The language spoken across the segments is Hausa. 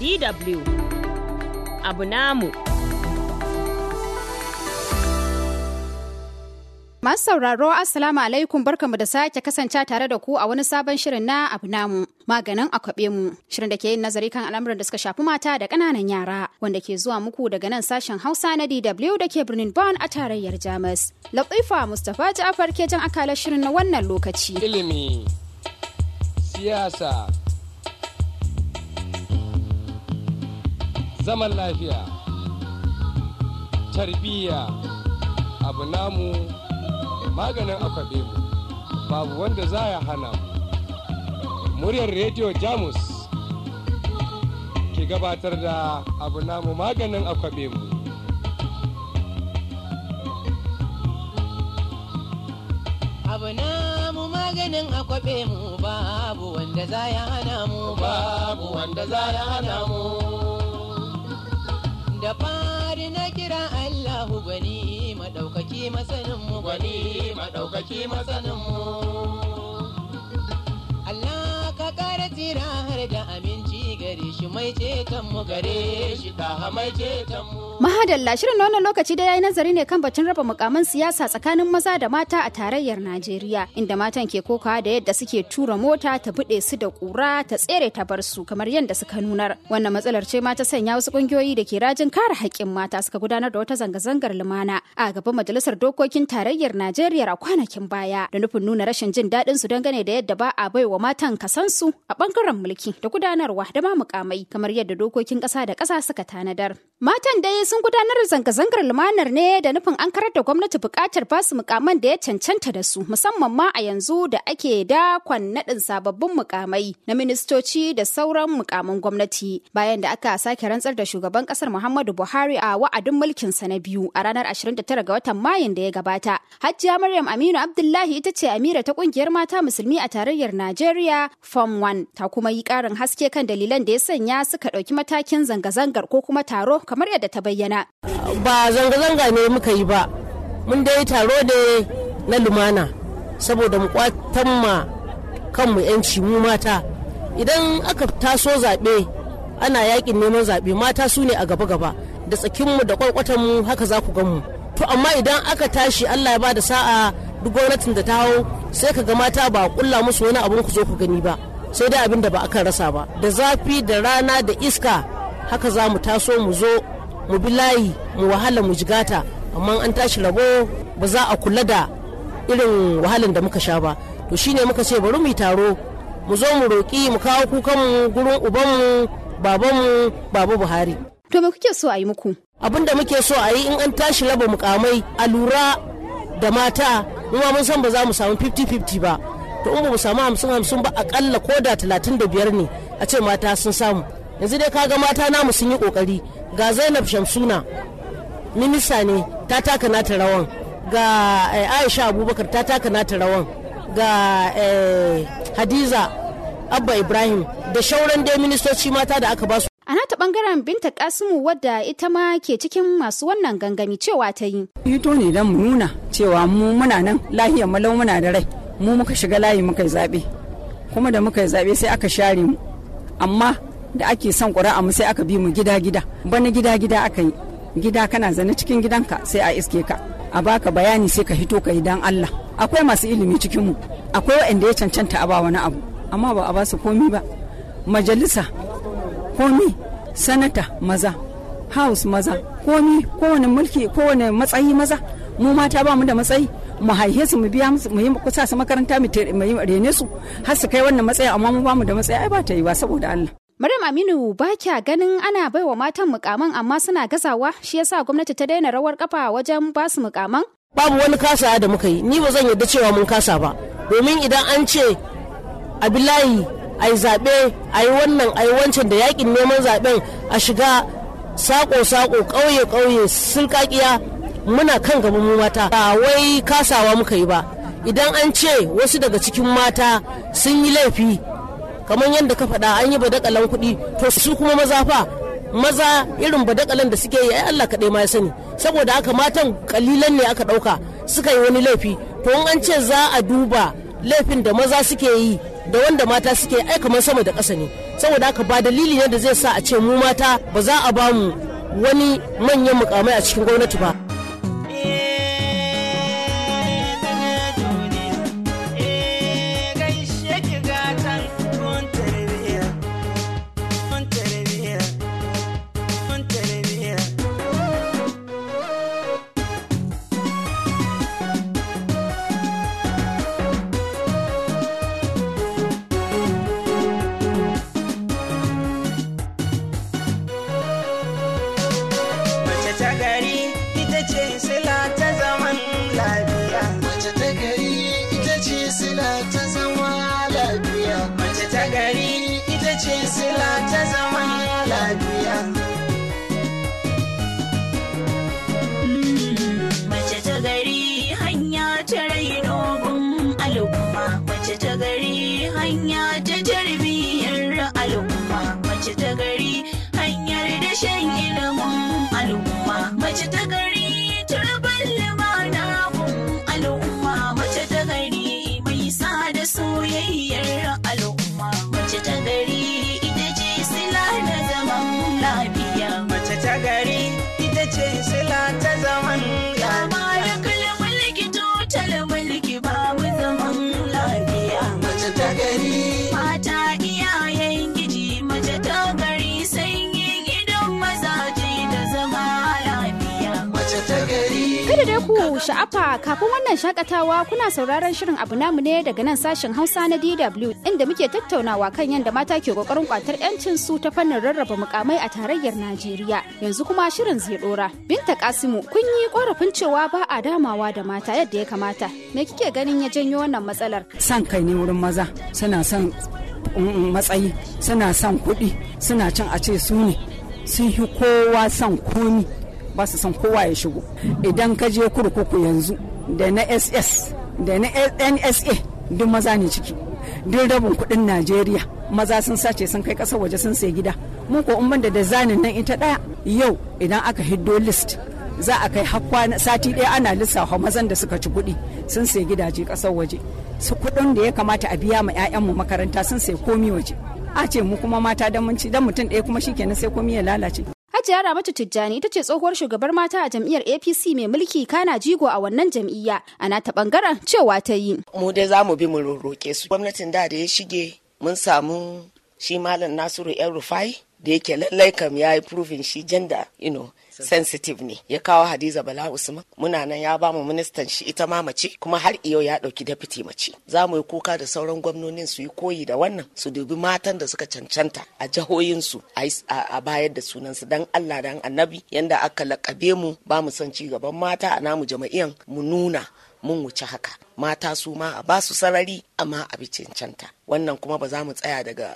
DW abu namu. Masu sauraro Assalamu alaikum barkamu da sake kasance tare da ku a wani sabon shirin na abu namu maganin akwabe mu shirin da ke yin nazari kan al'amuran da suka shafi mata da ƙananan yara wanda ke zuwa muku daga nan sashen Hausa na DW da ke birnin Bonn a tarayyar Jamus. Latifa Mustapha Ja'far ke jan akalar shirin na wannan lokaci. Ilimi, siyasa, zaman lafiya tarbiyya abu namu maganin akwabe mu babu wanda za ya hana mu muryar rediyo jamus ke gabatar da abu namu maganin akwabe mu abu namu maganin akwabe mu babu wanda za ya hana mu babu wanda za ya hana mu da fari na kira Allahu gani madaukaki masanin mu gwani madaukaki masanin mu Mahadalla shirin wannan lokaci da ya yi nazari ne kan batun raba mukaman siyasa tsakanin maza da mata a tarayyar Najeriya inda matan ke kokawa da yadda suke tura mota ta buɗe su da ƙura ta tsere ta bar su kamar yadda suka nunar. Wannan matsalar ce ma ta sanya wasu ƙungiyoyi da ke rajin kare haƙƙin mata suka gudanar da wata zanga-zangar lumana a gaban majalisar dokokin tarayyar Najeriya a kwanakin baya da nufin nuna rashin jin daɗin su dangane da yadda ba a baiwa matan kasansu a ɓangaren mulki da gudanarwa da ma mukamai kamar yadda dokokin ƙasa da ƙasa suka tanadar. Matan dai sun gudanar da zanga-zangar lumanar ne da nufin an karar da gwamnati bukatar basu mukaman da ya cancanta da su musamman ma a yanzu da ake dakon naɗin sababbin mukamai na ministoci da sauran mukaman gwamnati bayan da aka sake rantsar da shugaban kasar Muhammadu Buhari a wa'adin mulkin sa na biyu a ranar 29 ga watan Mayun da ya gabata. Hajjiya Maryam Aminu Abdullahi ita ce Amira ta kungiyar mata musulmi a tarayyar Najeriya Form 1 ta kuma yi ƙarin haske kan dalilan da ya sanya suka ɗauki matakin zanga-zangar ko kuma taro kamar yadda ta bayyana. Ba zanga-zanga ne muka yi ba, mun dai taro da na lumana saboda mu kwatan ma kanmu 'yanci mu mata. Idan aka taso zaɓe ana yakin neman zaɓe mata su ne a gaba-gaba da tsakinmu da kwakwatanmu haka za ku mu. To amma idan aka tashi Allah ya ba da sa'a duk gwamnatin da ta hau sai ka ga mata ba a kulla musu wani abun ku zo ku gani ba. sai dai abin da ba aka rasa ba da zafi da rana da iska haka za mu taso mu zo mu bi layi mu wahala mu jigata amma an tashi labo ba za a kula da irin wahalan da muka sha ba to shine muka ce bari mu yi taro mu zo mu roƙi mu kawo kukan mu gurin ubanmu babanmu baba buhari to me kuke so a yi muku abin da muke so a yi in an tashi laba mukamai a lura da mata mu mun san ba za mu samu 50-50 ba to in ba mu samu 50-50 ba akalla ko da 35 ne a ce mata sun samu yanzu dai kaga mata namu sun yi kokari ga zainab shamsuna minista ne ta taka nata rawan ga eh, aisha abubakar ta taka nata rawan ga eh, hadiza abba ibrahim da shauran dai ministoci mata da aka basu a nata bangaren binta kasimu wadda ita ma ke cikin masu wannan gangami cewa ta yi ito ne don mu nuna cewa mu muna nan lahiyar malau muna da rai mu muka shiga layi muka yi zaɓe kuma da muka yi zaɓe sai aka share mu amma da ake son ƙuri'a mu sai aka bi mu gida gida bana gida gida aka yi gida kana zane cikin gidanka sai a iske ka a baka bayani sai ka hito ka yi dan Allah akwai masu ilimi cikin mu akwai waɗanda ya cancanta a ba wani abu amma ba a ba su komi ba majalisa komi sanata maza house maza komi kowane mulki kowane matsayi maza mu mata ba mu da matsayi mu haihe su mu biya mu yi kusa su makaranta mu rene su har su kai wannan matsayi amma mu ba mu da matsayi ai ba ta yi ba saboda Allah Maryam Aminu ba kya ganin ana baiwa matan mukaman amma suna gazawa shi yasa gwamnati ta daina rawar kafa wajen ba su mukaman? Babu wani kasa da muka yi, ni ba zan yarda cewa mun kasa ba. Domin idan an ce Abilayi ai zaɓe ai wannan ai wancan da yakin neman zaɓen a shiga sako-sako ƙauye-ƙauye kakiya muna kan gaba mu mata ba wai kasawa muka yi ba idan an ce wasu daga cikin mata sun yi laifi kamar yadda ka faɗa an yi badakalan kuɗi to su kuma maza fa maza irin badakalan da suke yi ai Allah kaɗai ma ya sani saboda aka matan kalilan ne aka ɗauka suka yi wani laifi to in an ce za a duba laifin da maza suke yi da wanda mata suke ai kamar sama da ƙasa ne saboda haka ba dalili ne da zai sa a ce mu mata ba za a bamu wani manyan mukamai a cikin gwamnati ba ce sila ta zaman lafiya mace ta gari hanya ta raino gun al'umma mace ta gari hanya ta tarbiyyar al'umma mace ta gari hanyar da shan ilimin al'umma mace ta gari chase sha'afa kafin wannan shakatawa kuna sauraron shirin abu namu ne daga nan sashen Hausa na DW inda muke tattaunawa kan yadda mata ke kokarin kwatar yancin su ta fannin rarraba mukamai a tarayyar Najeriya. Yanzu kuma shirin zai dora. Binta Kasimu kun yi korafin cewa ba a damawa da mata yadda ya kamata. Me kike ganin ya janyo wannan matsalar? San kai ne wurin maza suna son mm, mm, matsayi suna son kuɗi suna cin a ce su ne sun fi kowa son komi ba su son kowa ya shigo idan ka je kurkuku yanzu da na ss da na nsa duk maza ne ciki duk rabin kudin najeriya maza sun sace sun kai kasar waje sun sai gida mun ko in da zanin nan ita daya yau idan aka hiddo list za a kai hakwa sati daya ana lissafa mazan da suka ci kuɗi sun sai gidaje kasar waje su kudin da ya kamata a biya ma 'ya'yanmu makaranta sun sai komi waje a ce mu kuma mata da mun ci dan mutum ɗaya kuma shikenan sai komi ya lalace Hajiya Ramatu Tijjani ita ce tsohuwar shugabar mata a jam'iyyar APC mai mulki kana jigo a wannan jam'iyya. Ana ta bangaren cewa ta yi. Mu dai za mu bi mu roƙe su. Gwamnatin da da ya shige mun samu shi Malam Nasiru 'yan Rufai da yake lallai kam ya yi furufin shi janda you know, sensitive ne ya kawo hadiza bala usman muna nan ya bamu ministan shi ita ma mace kuma har iyo ya dauki deputy mace za mu yi kuka da sauran gwamnonin su yi koyi da wannan su dubi matan da suka cancanta a jihohinsu a bayar da sunansu dan allah dan annabi yanda aka lakabe mu ba mu son ci gaban mata a namu jama'iyan mu nuna mun wuce haka mata su ma a basu sarari amma a bi cancanta wannan kuma ba za mu tsaya daga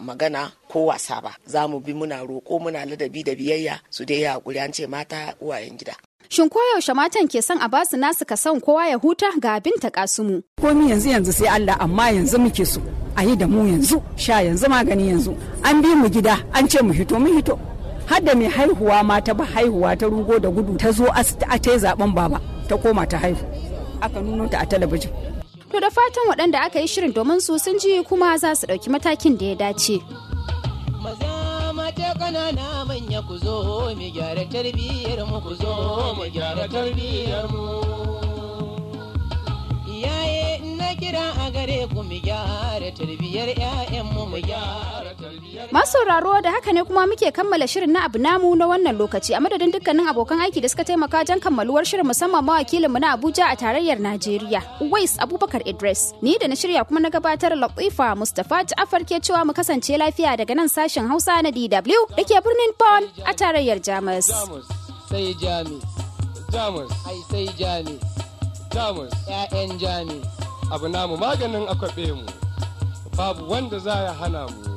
magana ko wasa ba za mu bi muna roƙo muna ladabi da biyayya su dai ya hakuri an ce mata uwayen gida Shin koyaushe matan ke son a basu nasu ka son kowa ya huta ga abin ta kasumu. Komi yanzu yanzu sai Allah amma yanzu muke so a yi da mu yanzu sha yanzu magani yanzu an bi mu gida an ce mu hito mu hito har mai haihuwa mata ba haihuwa ta rugo da gudu ta zo a ta zaben baba ta koma ta haihu aka nuno ta a talabijin to da fatan waɗanda aka yi shirin domin su sun ji kuma za su ɗauki matakin da ya dace maza mata ƙanana manya ku zo mu gyara tarbiyyar mu ku zo mu gyara tarbiyyar mu kira a gare ku mu gyara tarbiyyar ƴaƴanmu mu gyara da haka ne kuma muke kammala shirin na abu namu na wannan lokaci a madadin dukkanin abokan aiki da suka taimaka jan kammaluwar shirin musamman mawakilinmu na Abuja a tarayyar Najeriya, Uwais Abubakar Idris. Ni da na shirya kuma na gabatar Latifa Mustapha Ja'afar ke cewa mu kasance lafiya daga nan sashen Hausa na DW da ke birnin Bonn a tarayyar Jamus. Jamus. abu namu maganin akwabe mu babu wanda za ya hana mu